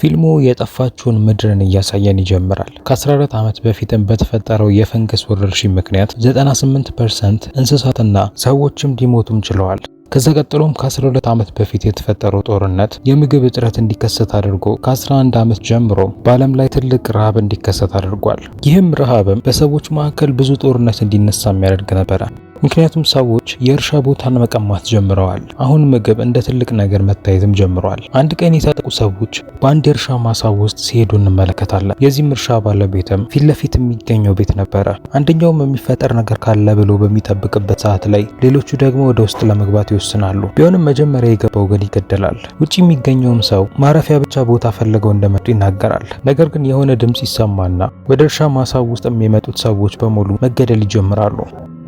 ፊልሙ የጠፋችውን ምድርን እያሳየን ይጀምራል። ከ14 ዓመት በፊትም በተፈጠረው የፈንገስ ወረርሽኝ ምክንያት 98 ፐርሰንት እንስሳትና ሰዎችም ሊሞቱም ችለዋል። ከዛ ቀጥሎም ከ12 ዓመት በፊት የተፈጠረው ጦርነት የምግብ እጥረት እንዲከሰት አድርጎ ከ11 ዓመት ጀምሮ በዓለም ላይ ትልቅ ረሃብ እንዲከሰት አድርጓል። ይህም ረሃብም በሰዎች መካከል ብዙ ጦርነት እንዲነሳ የሚያደርግ ነበረ። ምክንያቱም ሰዎች የእርሻ ቦታን መቀማት ጀምረዋል። አሁን ምግብ እንደ ትልቅ ነገር መታየትም ጀምረዋል። አንድ ቀን የታጠቁ ሰዎች በአንድ የእርሻ ማሳ ውስጥ ሲሄዱ እንመለከታለን። የዚህም እርሻ ባለቤትም ፊት ለፊት የሚገኘው ቤት ነበረ። አንደኛውም የሚፈጠር ነገር ካለ ብሎ በሚጠብቅበት ሰዓት ላይ ሌሎቹ ደግሞ ወደ ውስጥ ለመግባት ይወስናሉ። ቢሆንም መጀመሪያ የገባው ግን ይገደላል። ውጭ የሚገኘውም ሰው ማረፊያ ብቻ ቦታ ፈልገው እንደመጡ ይናገራል። ነገር ግን የሆነ ድምፅ ይሰማና ወደ እርሻ ማሳ ውስጥ የሚመጡት ሰዎች በሙሉ መገደል ይጀምራሉ።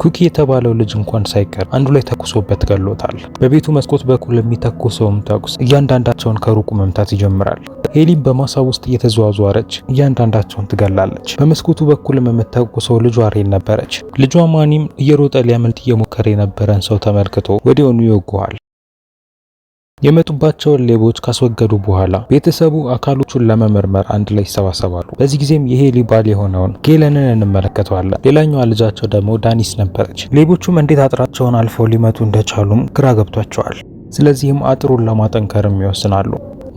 ኩኪ የተባለው ልጅ እንኳን ሳይቀር አንዱ ላይ ተኩሶበት ገሎታል። በቤቱ መስኮት በኩል የሚተኩሰውም ተኩስ እያንዳንዳቸውን ከሩቁ መምታት ይጀምራል። ሄሊም በማሳ ውስጥ እየተዘዋወረች እያንዳንዳቸውን ትገላለች። በመስኮቱ በኩልም የምትተኩሰው ልጇ ሬን ነበረች። ልጇ ማኒም እየሮጠ ሊያመልጥ እየሞከረ የነበረን ሰው ተመልክቶ ወዲያውኑ ይወገዋል። የመጡባቸውን ሌቦች ካስወገዱ በኋላ ቤተሰቡ አካሎቹን ለመመርመር አንድ ላይ ይሰባሰባሉ። በዚህ ጊዜም የሄሊ ባል የሆነውን ጌለንን እንመለከተዋለን። ሌላኛዋ ልጃቸው ደግሞ ዳኒስ ነበረች። ሌቦቹም እንዴት አጥራቸውን አልፈው ሊመጡ እንደቻሉም ግራ ገብቷቸዋል። ስለዚህም አጥሩን ለማጠንከርም ይወስናሉ።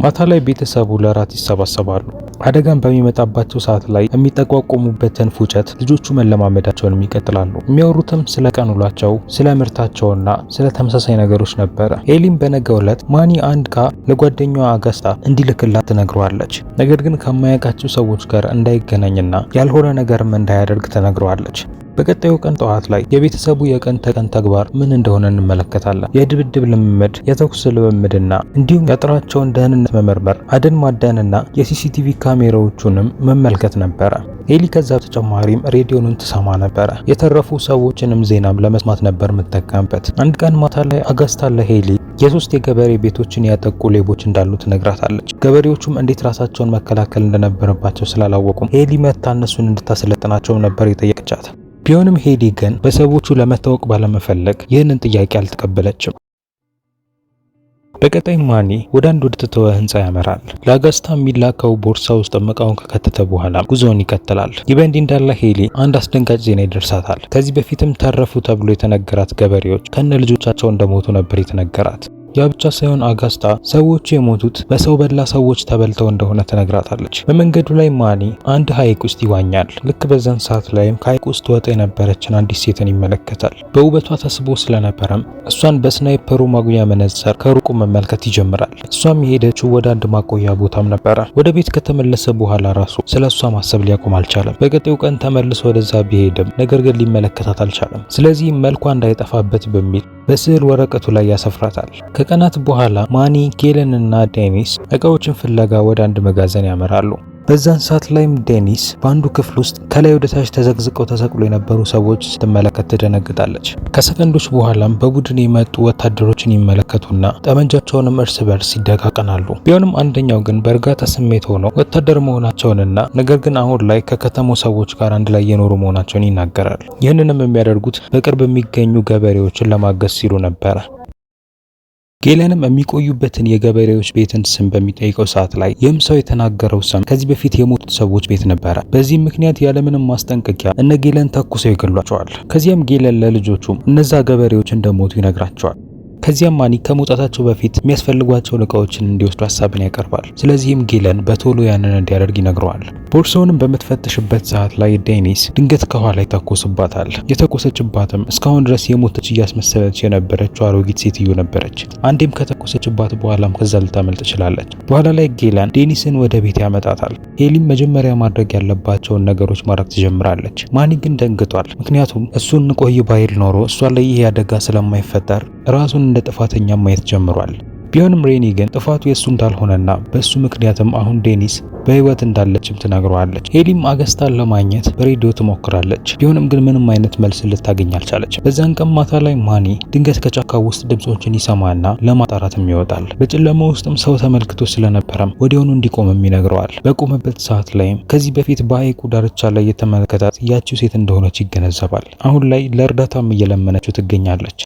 ማታ ላይ ቤተሰቡ ለራት ይሰባሰባሉ። አደጋን በሚመጣባቸው ሰዓት ላይ የሚጠቋቆሙበትን ፉጨት ልጆቹ መለማመዳቸውንም ይቀጥላሉ። የሚያወሩትም ስለ ቀኑሏቸው፣ ስለ ምርታቸውና ስለ ተመሳሳይ ነገሮች ነበረ። ኤሊም በነገው ዕለት ማኒ አንድ ካ ለጓደኛዋ አጋስታ እንዲልክላት ትነግረዋለች። ነገር ግን ከማያውቃቸው ሰዎች ጋር እንዳይገናኝና ያልሆነ ነገርም እንዳያደርግ ትነግረዋለች። በቀጣዩ ቀን ጠዋት ላይ የቤተሰቡ የቀን ተቀን ተግባር ምን እንደሆነ እንመለከታለን። የድብድብ ልምምድ፣ የተኩስ ልምምድና እንዲሁም የአጥራቸውን ደህንነት መመርመር፣ አደን ማዳንና የሲሲቲቪ ካሜራዎቹንም መመልከት ነበረ። ሄሊ ከዛ በተጨማሪም ሬዲዮንን ትሰማ ነበረ። የተረፉ ሰዎችንም ዜናም ለመስማት ነበር የምትጠቀምበት። አንድ ቀን ማታ ላይ አጋስታ ለሄሊ የሶስት የገበሬ ቤቶችን ያጠቁ ሌቦች እንዳሉ ትነግራታለች። ገበሬዎቹም እንዴት ራሳቸውን መከላከል እንደነበረባቸው ስላላወቁም ሄሊ መታ እነሱን እንድታሰለጥናቸው ነበር የጠየቀቻት። ቢሆንም ሄዲ ግን በሰዎቹ ለመታወቅ ባለመፈለግ ይህንን ጥያቄ አልተቀበለችም። በቀጣይ ማኒ ወደ አንድ ወደ ተተወ ህንፃ ያመራል። ለአጋስታ የሚላከው ቦርሳ ውስጥ እቃውን ከከተተ በኋላ ጉዞውን ይቀጥላል። ይህ በእንዲህ እንዳለ ሄሊ አንድ አስደንጋጭ ዜና ይደርሳታል። ከዚህ በፊትም ተረፉ ተብሎ የተነገራት ገበሬዎች ከነ ልጆቻቸው እንደሞቱ ነበር የተነገራት። ያ ብቻ ሳይሆን አጋስታ ሰዎቹ የሞቱት በሰው በላ ሰዎች ተበልተው እንደሆነ ትነግራታለች። በመንገዱ ላይ ማኒ አንድ ሐይቅ ውስጥ ይዋኛል። ልክ በዛን ሰዓት ላይም ከሐይቅ ውስጥ ወጣ የነበረችን አንዲት ሴትን ይመለከታል። በውበቷ ተስቦ ስለነበረም እሷን በስናይፐሩ ማጉያ መነጽር ከሩቁ መመልከት ይጀምራል። እሷም የሄደችው ወደ አንድ ማቆያ ቦታም ነበረ። ወደ ቤት ከተመለሰ በኋላ ራሱ ስለ እሷ ማሰብ ሊያቆም አልቻለም። በቀጣዩ ቀን ተመልሶ ወደዛ ቢሄድም ነገር ግን ሊመለከታት አልቻለም። ስለዚህ መልኳ እንዳይጠፋበት በሚል በስዕል ወረቀቱ ላይ ያሰፍራታል። ከቀናት በኋላ ማኒ፣ ጌለን እና ዴኒስ እቃዎችን ፍለጋ ወደ አንድ መጋዘን ያመራሉ። በዛን ሰዓት ላይም ዴኒስ በአንዱ ክፍል ውስጥ ከላይ ወደ ታች ተዘቅዝቀው ተሰቅሎ የነበሩ ሰዎች ስትመለከት ትደነግጣለች። ከሰከንዶች በኋላም በቡድን የመጡ ወታደሮችን ይመለከቱና ጠመንጃቸውንም እርስ በርስ ይደጋቀናሉ። ቢሆንም አንደኛው ግን በእርጋታ ስሜት ሆኖ ወታደር መሆናቸውንና ነገር ግን አሁን ላይ ከከተማው ሰዎች ጋር አንድ ላይ የኖሩ መሆናቸውን ይናገራል። ይህንንም የሚያደርጉት በቅርብ የሚገኙ ገበሬዎችን ለማገዝ ሲሉ ነበረ። ጌለንም የሚቆዩበትን የገበሬዎች ቤትን ስም በሚጠይቀው ሰዓት ላይ ይህም ሰው የተናገረው ስም ከዚህ በፊት የሞቱት ሰዎች ቤት ነበረ። በዚህም ምክንያት ያለምንም ማስጠንቀቂያ እነ ጌለን ተኩሰው ይገሏቸዋል። ከዚያም ጌለን ለልጆቹም እነዛ ገበሬዎች እንደሞቱ ይነግራቸዋል። ከዚያም ማኒ ከመውጣታቸው በፊት የሚያስፈልጓቸውን እቃዎችን እንዲወስዱ ሀሳብን ያቀርባል። ስለዚህም ጌለን በቶሎ ያንን እንዲያደርግ ይነግረዋል። ቦርሳውንም በምትፈትሽበት ሰዓት ላይ ዴኒስ ድንገት ከኋላ ይታኮስባታል። የተኮሰችባትም እስካሁን ድረስ የሞተች እያስመሰለች የነበረችው አሮጊት ሴትዮ ነበረች። አንዴም ከተኮሰችባት በኋላም ከዛ ልታመልጥ ችላለች። በኋላ ላይ ጌለን ዴኒስን ወደ ቤት ያመጣታል። ሄሊም መጀመሪያ ማድረግ ያለባቸውን ነገሮች ማድረግ ትጀምራለች። ማኒ ግን ደንግጧል። ምክንያቱም እሱን ቆይ ባይል ኖሮ እሷ ላይ ይህ አደጋ ስለማይፈጠር ራሱን እንደ ጥፋተኛ ማየት ጀምሯል። ቢሆንም ሬኒ ግን ጥፋቱ የእሱ እንዳልሆነና በእሱ ምክንያትም አሁን ዴኒስ በህይወት እንዳለችም ትነግረዋለች። ሄሊም አገስታን ለማግኘት በሬዲዮ ትሞክራለች። ቢሆንም ግን ምንም አይነት መልስ ልታገኝ አልቻለች። በዚያን ቀን ማታ ላይ ማኒ ድንገት ከጫካ ውስጥ ድምፆችን ይሰማና ለማጣራትም ይወጣል። በጨለማ ውስጥም ሰው ተመልክቶ ስለነበረም ወዲያውኑ እንዲቆምም ይነግረዋል። በቆመበት ሰዓት ላይም ከዚህ በፊት በሐይቁ ዳርቻ ላይ የተመለከታት ያቺው ሴት እንደሆነች ይገነዘባል። አሁን ላይ ለእርዳታም እየለመነችው ትገኛለች።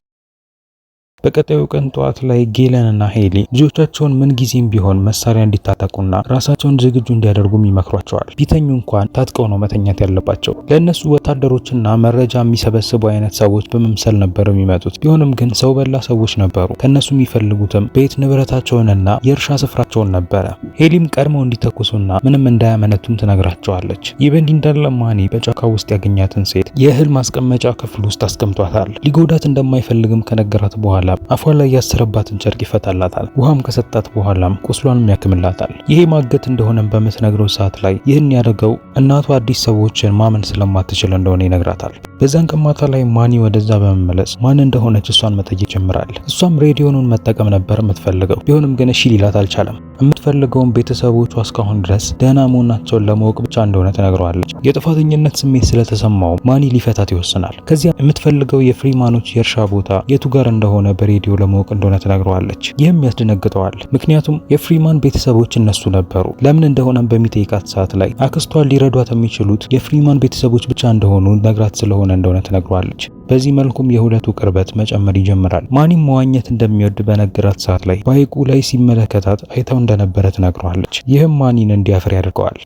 በቀጣዩ ቀን ጠዋት ላይ ጌለን እና ሄሊ ልጆቻቸውን ምን ጊዜም ቢሆን መሳሪያ እንዲታጠቁና ራሳቸውን ዝግጁ እንዲያደርጉም ይመክሯቸዋል። ቢተኙ እንኳን ታጥቀው ነው መተኛት ያለባቸው። ለእነሱ ወታደሮችና መረጃ የሚሰበስቡ አይነት ሰዎች በመምሰል ነበር የሚመጡት። ቢሆንም ግን ሰው በላ ሰዎች ነበሩ። ከእነሱ የሚፈልጉትም ቤት ንብረታቸውንና የእርሻ ስፍራቸውን ነበረ። ሄሊም ቀድመው እንዲተኩሱና ምንም እንዳያመነቱም ትነግራቸዋለች። ይህ በእንዲህ እንዳለ ማኒ በጫካ ውስጥ ያገኛትን ሴት የእህል ማስቀመጫ ክፍል ውስጥ አስቀምጧታል። ሊጎዳት እንደማይፈልግም ከነገራት በኋላ በኋላ አፏ ላይ ያሰረባትን ጨርቅ ይፈታላታል። ውሃም ከሰጣት በኋላም ቁስሏንም ያክምላታል። ይሄ ማገት እንደሆነም በምትነግረው ሰዓት ላይ ይህን ያደርገው እናቷ አዲስ ሰዎችን ማመን ስለማትችል እንደሆነ ይነግራታል። በዛን ቀን ላይ ማኒ ወደዛ በመመለስ ማን እንደሆነች እሷን መጠየቅ ጀምራል። እሷም ሬዲዮኑን መጠቀም ነበር የምትፈልገው ቢሆንም ግን እሺ ሊላት አልቻለም። የምትፈልገውን ቤተሰቦቿ እስካሁን ድረስ ደህና መሆናቸውን ለማወቅ ብቻ እንደሆነ ትነግረዋለች። የጥፋተኝነት ስሜት ስለተሰማው ማኒ ሊፈታት ይወስናል። ከዚያ የምትፈልገው የፍሪማኖች የእርሻ ቦታ የቱ ጋር እንደሆነ በሬዲዮ ለማወቅ እንደሆነ ተናግረዋለች። ይህም ያስደነግጠዋል። ምክንያቱም የፍሪማን ቤተሰቦች እነሱ ነበሩ። ለምን እንደሆነም በሚጠይቃት ሰዓት ላይ አክስቷን ሊረዷት የሚችሉት የፍሪማን ቤተሰቦች ብቻ እንደሆኑ ነግራት ስለሆነ እንደሆነ ተናግረዋለች። በዚህ መልኩም የሁለቱ ቅርበት መጨመር ይጀምራል። ማኒም መዋኘት እንደሚወድ በነገራት ሰዓት ላይ በሐይቁ ላይ ሲመለከታት አይታው እንደነበረ ተናግረዋለች። ይህም ማኒን እንዲያፍር ያደርገዋል።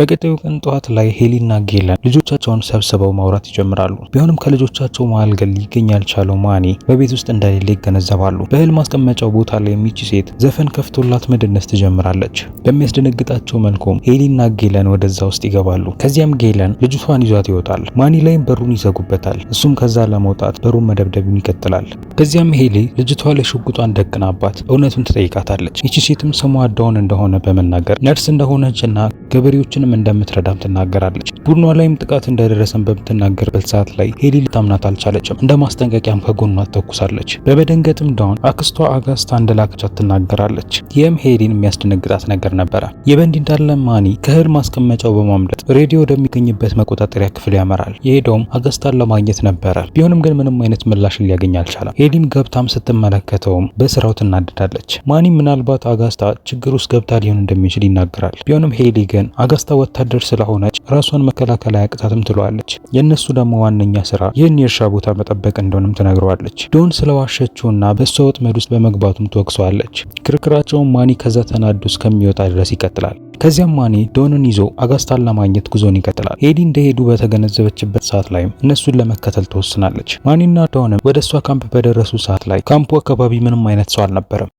በቀጣዩ ቀን ጠዋት ላይ ሄሊና ጌለን ልጆቻቸውን ሰብስበው ማውራት ይጀምራሉ። ቢሆንም ከልጆቻቸው መሀል ግን ሊገኝ ያልቻለው ማኒ በቤት ውስጥ እንደሌለ ይገነዘባሉ። በእህል ማስቀመጫው ቦታ ላይ የሚቺ ሴት ዘፈን ከፍቶላት መደነስ ትጀምራለች። በሚያስደነግጣቸው መልኩም ሄሊና ጌለን ወደዛ ውስጥ ይገባሉ። ከዚያም ጌለን ልጅቷን ይዟት ይወጣል። ማኒ ላይም በሩን ይዘጉበታል። እሱም ከዛ ለመውጣት በሩን መደብደቡን ይቀጥላል። ከዚያም ሄሊ ልጅቷ ላይ ሽጉጧን ደቅናባት እውነቱን ትጠይቃታለች። ይቺ ሴትም ስሟ ዳውን እንደሆነ በመናገር ነርስ እንደሆነች እና ገበሬዎችን ሁላችንም እንደምትረዳም ትናገራለች። ቡድኗ ላይም ጥቃት እንደደረሰን በምትናገርበት ሰዓት ላይ ሄሊ ልታምናት አልቻለችም። እንደ ማስጠንቀቂያም ከጎኗ ትተኩሳለች። በመደንገጥም ዳውን አክስቷ አጋስታ እንደላከቻት ትናገራለች። ይህም ሄሊን የሚያስደነግጣት ነገር ነበረ። የበንዲ እንዳለ ማኒ ከእህል ማስቀመጫው በማምለጥ ሬዲዮ ወደሚገኝበት መቆጣጠሪያ ክፍል ያመራል። የሄደውም አገስታን ለማግኘት ነበረ። ቢሆንም ግን ምንም አይነት ምላሽን ሊያገኝ አልቻለም። ሄሊም ገብታም ስትመለከተውም በስራው ትናደዳለች። ማኒ ምናልባት አጋስታ ችግር ውስጥ ገብታ ሊሆን እንደሚችል ይናገራል። ቢሆንም ሄሊ ግን አጋስታ ወታደር ስለሆነች ራሷን መከላከል አያቅታትም ትለዋለች። የእነሱ ደግሞ ዋነኛ ስራ ይህን የእርሻ ቦታ መጠበቅ እንደሆነም ተነግረዋለች። ዶን ስለዋሸችውና በእሷ ወጥመድ ውስጥ በመግባቱም ትወቅሰዋለች። ክርክራቸውን ማኒ ከዛ ተናዶ እስከሚወጣ ድረስ ይቀጥላል። ከዚያም ማኒ ዶንን ይዞ አጋስታን ለማግኘት ጉዞን ይቀጥላል። ሄዲ እንደሄዱ በተገነዘበችበት ሰዓት ላይም እነሱን ለመከተል ትወስናለች። ማኒና ዶንም ወደ እሷ ካምፕ በደረሱ ሰዓት ላይ ካምፑ አካባቢ ምንም አይነት ሰው አልነበረም።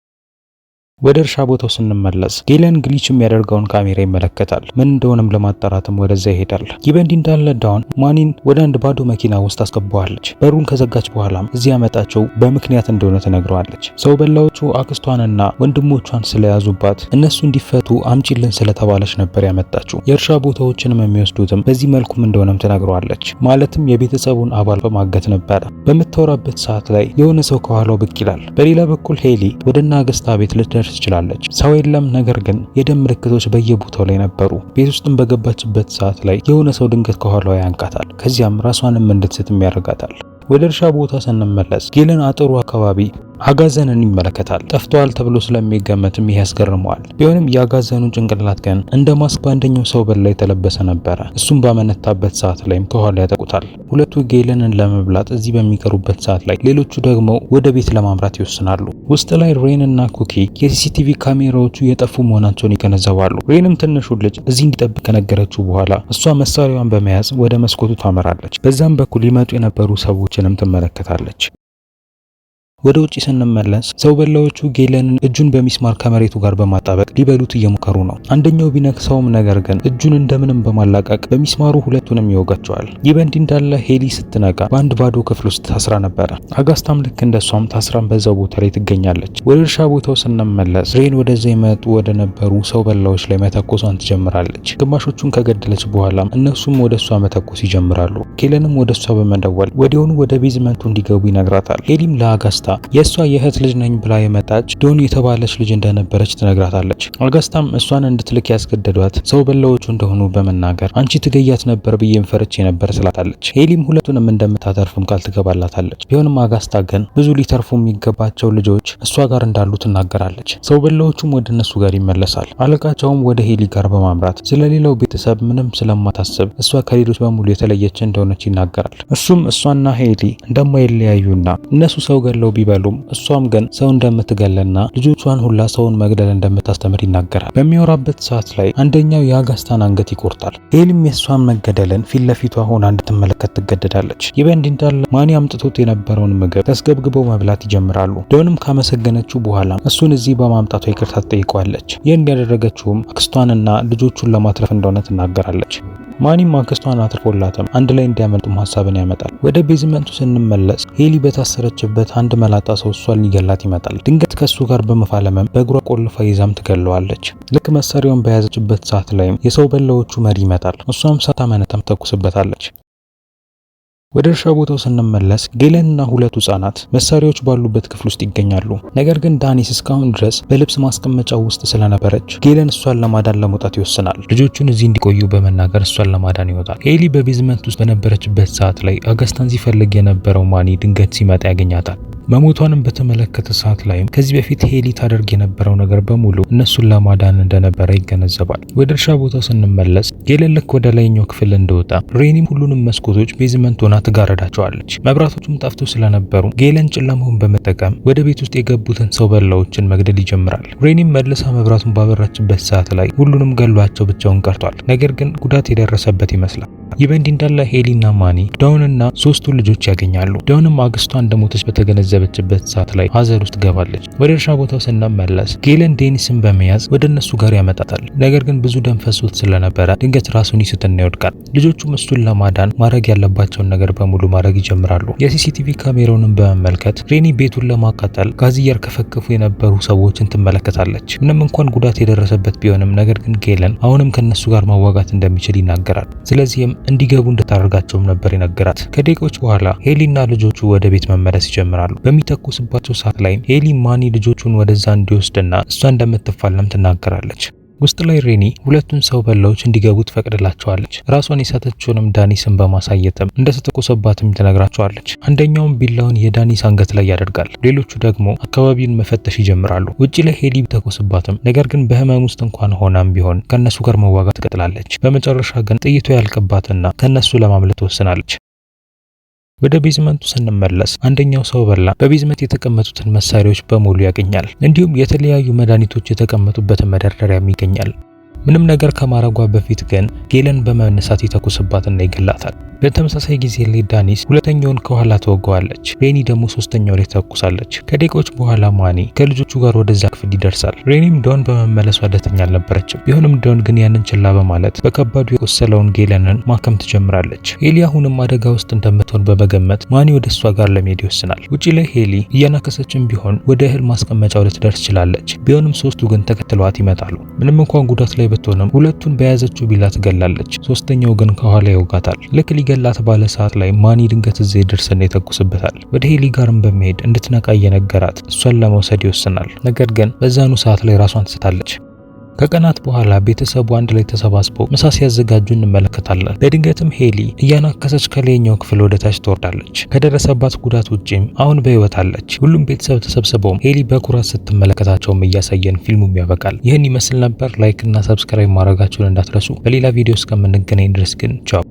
ወደ እርሻ ቦታው ስንመለስ ጌለን ግሊች የሚያደርገውን ካሜራ ይመለከታል። ምን እንደሆነም ለማጣራትም ወደዛ ይሄዳል። ይህ እንዳለ ዳውን ማኒን ወደ አንድ ባዶ መኪና ውስጥ አስገባዋለች። በሩን ከዘጋች በኋላም እዚህ ያመጣቸው በምክንያት እንደሆነ ትነግረዋለች። ሰው በላዎቹ አክስቷንና ወንድሞቿን ስለያዙባት እነሱ እንዲፈቱ አምጪልን ስለተባለች ነበር ያመጣችው። የእርሻ ቦታዎችንም የሚወስዱትም በዚህ መልኩም እንደሆነም ትነግረዋለች። ማለትም የቤተሰቡን አባል በማገት ነበረ። በምታወራበት ሰዓት ላይ የሆነ ሰው ከኋላው ብቅ ይላል። በሌላ በኩል ሄሊ ወደ ናገስታ ቤት ልትደርስ ትችላለች። ሰው የለም፣ ነገር ግን የደም ምልክቶች በየቦታው ላይ ነበሩ። ቤት ውስጥም በገባችበት ሰዓት ላይ የሆነ ሰው ድንገት ከኋላዋ ያንቃታል። ከዚያም ራሷንም እንድትስትም ያደርጋታል። ወደ እርሻ ቦታ ስንመለስ ጌለን አጥሩ አካባቢ አጋዘንን ይመለከታል። ጠፍቷል ተብሎ ስለሚገመትም ይህ ያስገርመዋል። ቢሆንም የአጋዘኑ ጭንቅላት ግን እንደ ማስክ በአንደኛው ሰው በላ የተለበሰ ነበረ። እሱም ባመነታበት ሰዓት ላይም ከኋላ ያጠቁታል። ሁለቱ ጌለንን ለመብላት እዚህ በሚቀሩበት ሰዓት ላይ ሌሎቹ ደግሞ ወደ ቤት ለማምራት ይወስናሉ። ውስጥ ላይ ሬን እና ኩኪ የሲሲቲቪ ካሜራዎቹ የጠፉ መሆናቸውን ይገነዘባሉ። ሬንም ትንሹ ልጅ እዚህ እንዲጠብቅ ከነገረችው በኋላ እሷ መሳሪያዋን በመያዝ ወደ መስኮቱ ታመራለች። በዛም በኩል ይመጡ የነበሩ ሰዎችንም ትመለከታለች። ወደ ውጭ ስንመለስ ሰው በላዎቹ ጌለንን እጁን በሚስማር ከመሬቱ ጋር በማጣበቅ ሊበሉት እየሞከሩ ነው። አንደኛው ቢነክሰውም ነገር ግን እጁን እንደምንም በማላቀቅ በሚስማሩ ሁለቱንም ይወጋቸዋል። ይህ በእንዲህ እንዳለ ሄሊ ስትነቃ በአንድ ባዶ ክፍል ውስጥ ታስራ ነበረ። አጋስታም ልክ እንደሷም ታስራን በዛው ቦታ ላይ ትገኛለች። ወደ እርሻ ቦታው ስንመለስ ሬን ወደዚ የመጡ ወደ ነበሩ ሰው በላዎች ላይ መተኮሷን ትጀምራለች። ግማሾቹን ከገደለች በኋላም እነሱም ወደ እሷ መተኮስ ይጀምራሉ። ጌለንም ወደ እሷ በመደወል ወዲያውኑ ወደ ቤዝመንቱ እንዲገቡ ይነግራታል። ሄሊም ለአጋስታ ስትመጣ የእሷ የእህት ልጅ ነኝ ብላ የመጣች ዶን የተባለች ልጅ እንደነበረች ትነግራታለች። አልጋስታም እሷን እንድትልክ ያስገደዷት ሰው በላዎቹ እንደሆኑ በመናገር አንቺ ትገያት ነበር ብዬ ፈርቼ ነበር ስላታለች። ሄሊም ሁለቱንም እንደምታተርፍም ቃል ትገባላታለች። ቢሆንም አጋስታ ግን ብዙ ሊተርፉ የሚገባቸው ልጆች እሷ ጋር እንዳሉ ትናገራለች። ሰው በላዎቹም ወደ እነሱ ጋር ይመለሳል። አለቃቸውም ወደ ሄሊ ጋር በማምራት ስለሌላው ቤተሰብ ምንም ስለማታስብ እሷ ከሌሎች በሙሉ የተለየች እንደሆነች ይናገራል። እሱም እሷና ሄሊ እንደማይለያዩና እነሱ ሰው ገለው ቢበሉም እሷም ግን ሰው እንደምትገልና ልጆቿን ሁላ ሰውን መግደል እንደምታስተምር ይናገራል። በሚወራበት ሰዓት ላይ አንደኛው የአጋስታን አንገት ይቆርጣል። ሄልም የእሷን መገደልን ፊት ለፊቷ ሆና እንድትመለከት ትገደዳለች። ይህ በእንዲህ እንዳለ ማኒ አምጥቶት የነበረውን ምግብ ተስገብግበው መብላት ይጀምራሉ። ዶንም ካመሰገነችው በኋላ እሱን እዚህ በማምጣቷ ይቅርታ ትጠይቀዋለች። ይህን ያደረገችውም አክስቷንና ልጆቹን ለማትረፍ እንደሆነ ትናገራለች። ማኒም ማንከስቷን አትርፎላትም አንድ ላይ እንዲያመልጡም ሀሳብን ያመጣል። ወደ ቤዝመንቱ ስንመለስ ሄሊ በታሰረችበት አንድ መላጣ ሰው እሷን ሊገላት ይመጣል። ድንገት ከሱ ጋር በመፋለመም በእግሯ ቆልፋ ይዛም ትገለዋለች። ልክ መሳሪያውን በያዘችበት ሰዓት ላይም የሰው በላዎቹ መሪ ይመጣል። እሷም ሳታመነታም ተኩስበታለች። ወደ እርሻ ቦታው ስንመለስ ጌለንና ሁለት ህጻናት መሳሪያዎች ባሉበት ክፍል ውስጥ ይገኛሉ። ነገር ግን ዳኒስ እስካሁን ድረስ በልብስ ማስቀመጫ ውስጥ ስለነበረች ጌለን እሷን ለማዳን ለመውጣት ይወስናል። ልጆቹን እዚህ እንዲቆዩ በመናገር እሷን ለማዳን ይወጣል። ኤሊ በቤዝመንት ውስጥ በነበረችበት ሰዓት ላይ አጋስታን ሲፈልግ የነበረው ማኒ ድንገት ሲመጣ ያገኛታል። መሞቷንም በተመለከተ ሰዓት ላይም ከዚህ በፊት ሄሊ ታደርግ የነበረው ነገር በሙሉ እነሱን ለማዳን እንደነበረ ይገነዘባል። ወደ እርሻ ቦታ ስንመለስ ጌለን ልክ ወደ ላይኛው ክፍል እንደወጣ ሬኒም ሁሉንም መስኮቶች ቤዝመንት ሆና ትጋረዳቸዋለች። መብራቶቹም ጠፍቶ ስለነበሩ ጌለን ጨለማውን በመጠቀም ወደ ቤት ውስጥ የገቡትን ሰው በላዎችን መግደል ይጀምራል። ሬኒም መልሳ መብራቱን ባበራችበት ሰዓት ላይ ሁሉንም ገሏቸው ብቻውን ቀርቷል። ነገር ግን ጉዳት የደረሰበት ይመስላል። ይህ በእንዲህ እንዳለ ሄሊና ማኒ ዳውንና ሶስቱ ልጆች ያገኛሉ። ዳውንም አግስቷ እንደሞተች በተገነዘበ በተደበደበችበት ሰዓት ላይ ሀዘን ውስጥ ገባለች። ወደ እርሻ ቦታው ስንመለስ ጌለን ዴኒስን በመያዝ ወደ እነሱ ጋር ያመጣታል። ነገር ግን ብዙ ደም ፈሶት ስለነበረ ድንገት ራሱን ይስትና ይወድቃል። ልጆቹም እሱን ለማዳን ማድረግ ያለባቸውን ነገር በሙሉ ማድረግ ይጀምራሉ። የሲሲቲቪ ካሜራውንም በመመልከት ሬኒ ቤቱን ለማቃጠል ጋዝ እያርከፈከፉ የነበሩ ሰዎችን ትመለከታለች። ምንም እንኳን ጉዳት የደረሰበት ቢሆንም ነገር ግን ጌለን አሁንም ከነሱ ጋር መዋጋት እንደሚችል ይናገራል። ስለዚህም እንዲገቡ እንደታደርጋቸውም ነበር ይነገራት። ከደቂቆች በኋላ ሄሊና ልጆቹ ወደ ቤት መመለስ ይጀምራሉ። በሚተኩስባቸው ሰዓት ላይ ሄሊ ማኒ ልጆቹን ወደዛ እንዲወስድና እሷ እንደምትፋለም ትናገራለች። ውስጥ ላይ ሬኒ ሁለቱን ሰው በላዎች እንዲገቡ ትፈቅድላቸዋለች። ራሷን የሳተችውንም ዳኒስን በማሳየትም እንደተተኮሰባትም ትነግራቸዋለች። አንደኛውም ቢላውን የዳኒስ አንገት ላይ ያደርጋል። ሌሎቹ ደግሞ አካባቢውን መፈተሽ ይጀምራሉ። ውጭ ላይ ሄሊ ቢተኮስባትም፣ ነገር ግን በህመም ውስጥ እንኳን ሆናም ቢሆን ከእነሱ ጋር መዋጋት ትቀጥላለች። በመጨረሻ ግን ጥይቱ ያልቅባትና ከእነሱ ለማምለጥ ትወስናለች። ወደ ቤዝመንቱ ስንመለስ አንደኛው ሰው በላ በቤዝመንት የተቀመጡትን መሳሪያዎች በሙሉ ያገኛል። እንዲሁም የተለያዩ መድኃኒቶች የተቀመጡበትን መደርደሪያም ይገኛል። ምንም ነገር ከማረጓ በፊት ግን ጌለን በመነሳት ይተኩስባትና ይገላታል። በተመሳሳይ ጊዜ ላይ ዳኒስ ሁለተኛውን ከኋላ ተወገዋለች። ሬኒ ደግሞ ሶስተኛው ላይ ተኩሳለች። ከደቂቃዎች በኋላ ማኒ ከልጆቹ ጋር ወደዛ ክፍል ይደርሳል። ሬኒም ዶን በመመለሷ ደስተኛ አልነበረችም። ቢሆንም ዶን ግን ያንን ችላ በማለት በከባዱ የቆሰለውን ጌለንን ማከም ትጀምራለች። ሄሊ አሁንም አደጋ ውስጥ እንደምትሆን በመገመት ማኒ ወደ እሷ ጋር ለመሄድ ይወስናል። ውጪ ላይ ሄሊ እያናከሰችም ቢሆን ወደ እህል ማስቀመጫው ልትደርስ ችላለች። ቢሆንም ሶስቱ ግን ተከትለዋት ይመጣሉ። ምንም እንኳን ጉዳት ላይ ብትሆንም ሁለቱን በያዘችው ቢላ ትገላለች። ሶስተኛው ግን ከኋላ ይወጋታል። ልክ ሊገላት ባለ ሰዓት ላይ ማኒ ድንገት እዚህ ደርሰን ይተኩስበታል። ወደ ሄሊ ጋርም በመሄድ እንድትነቃ እየነገራት እሷን ለመውሰድ ይወስናል። ነገር ግን በዛኑ ሰዓት ላይ ራሷን ትስታለች። ከቀናት በኋላ ቤተሰቡ አንድ ላይ ተሰባስበው ምሳ ሲያዘጋጁ እንመለከታለን። በድንገትም ሄሊ እያናከሰች ከላይኛው ክፍል ወደ ታች ትወርዳለች። ከደረሰባት ጉዳት ውጪም አሁን በህይወት አለች። ሁሉም ቤተሰብ ተሰብስበውም ሄሊ በኩራት ስትመለከታቸውም እያሳየን ፊልሙም ያበቃል። ይህን ይመስል ነበር። ላይክ እና ሰብስክራይብ ማድረጋችሁን እንዳትረሱ። በሌላ ቪዲዮ እስከምንገናኝ ድረስ ግን ቻው።